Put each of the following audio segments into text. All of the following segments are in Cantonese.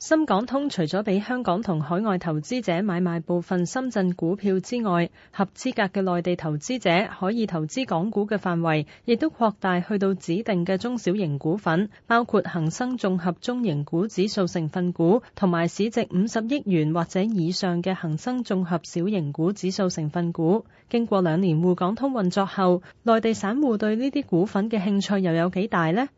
深港通除咗俾香港同海外投資者買賣部分深圳股票之外，合資格嘅內地投資者可以投資港股嘅範圍，亦都擴大去到指定嘅中小型股份，包括恒生綜合中型股指數成分股，同埋市值五十億元或者以上嘅恒生綜合小型股指數成分股。經過兩年滬港通運作後，內地散戶對呢啲股份嘅興趣又有幾大呢？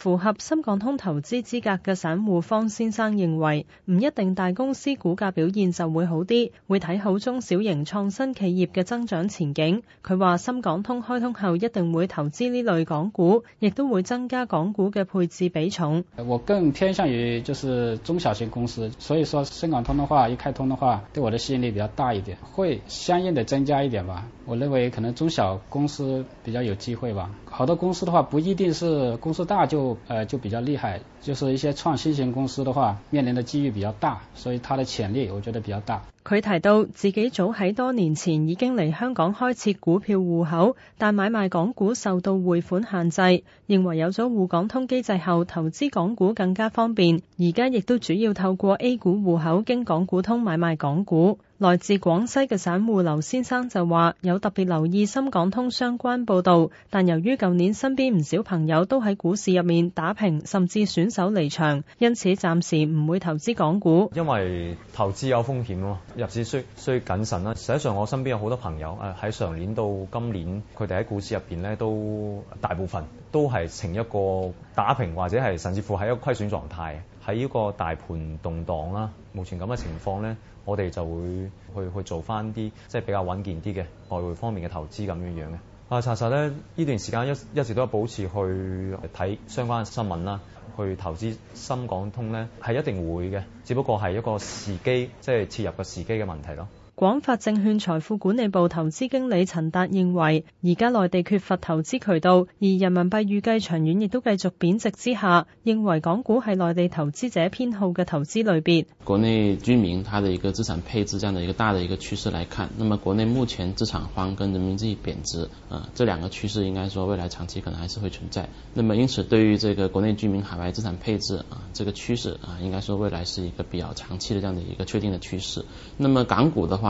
符合深港通投資資格嘅散戶方先生認為，唔一定大公司股價表現就會好啲，會睇好中小型創新企業嘅增長前景。佢話深港通開通後一定會投資呢類港股，亦都會增加港股嘅配置比重。我更偏向於就是中小型公司，所以說深港通嘅話一開通嘅話，對我的吸引力比較大一點，會相應地增加一點吧。我認為可能中小公司比較有機會吧。好多公司嘅話，不一定是公司大就。呃，就比較厲害，就是一些創新型公司的話，面臨的機遇比較大，所以它的潛力我覺得比較大。佢提到自己早喺多年前已經嚟香港開設股票戶口，但買賣港股受到匯款限制。認為有咗滬港通機制後，投資港股更加方便。而家亦都主要透過 A 股戶口經港股通買賣港股。來自廣西嘅散戶劉先生就話：有特別留意深港通相關報道，但由於舊年身邊唔少朋友都喺股市入面打平，甚至損手離場，因此暫時唔會投資港股。因為投資有風險咯、啊。入市需需謹慎啦。實際上，我身邊有好多朋友，誒喺上年到今年，佢哋喺股市入邊咧，都大部分都係呈一個打平或者係甚至乎係一個虧損狀態。喺呢個大盤動盪啦，目前咁嘅情況咧，我哋就會去去做返啲即係比較穩健啲嘅外匯方面嘅投資咁樣樣嘅。啊，查實咧，呢段時間一一直都有保持去睇相關嘅新聞啦，去投資深港通咧，係一定會嘅，只不過係一個時機，即係切入個時機嘅問題咯。廣發證券財富管理部投資經理陳達認為，而家內地缺乏投資渠道，而人民幣預計長遠亦都繼續貶值之下，認為港股係內地投資者偏好嘅投資類別。國內居民，它的一個資產配置，這樣的一個大的一個趨勢來看，那麼國內目前資產荒跟人民幣貶值，啊，這兩個趨勢應該說未來長期可能還是會存在。那麼因此，對於這個國內居民海外資產配置，啊，這個趨勢，啊，應該說未來是一個比較長期的這樣的一個確定嘅趨勢。那麼港股的話，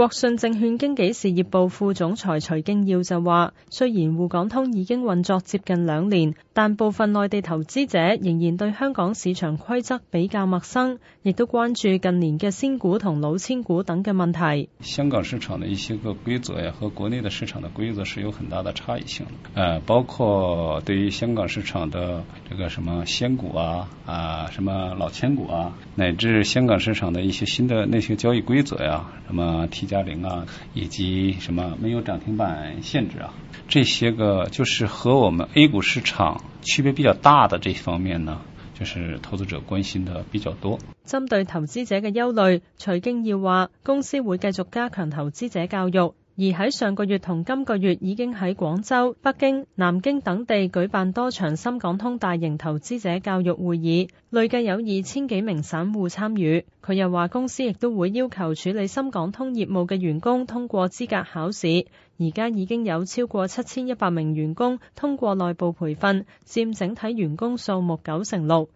國信證券經紀事業部副總裁徐敬耀就話，雖然滬港通已經運作接近兩年，但部分內地投資者仍然對香港市場規則比較陌生，亦都關注近年嘅仙股同老千股等嘅問題。香港市場的一些個規則呀，和國內的市場的規則是有很大的差異性。啊，包括對於香港市場的這個什麼仙股啊，啊什麼老千股啊，乃至香港市場的一些新的那些交易規則呀、啊，什麼 T 加零啊，以及什麼沒有漲停板限制啊，這些個就是和我們 A 股市場。區別比較大的這一方面呢，就是投資者關心的比較多。針對投資者嘅憂慮，徐經耀話，公司會繼續加強投資者教育。而喺上個月同今個月已經喺廣州、北京、南京等地舉辦多場深港通大型投資者教育會議，累計有二千幾名散戶參與。佢又話，公司亦都會要求處理深港通業務嘅員工通過資格考試，而家已經有超過七千一百名員工通過內部培訓，佔整體員工數目九成六。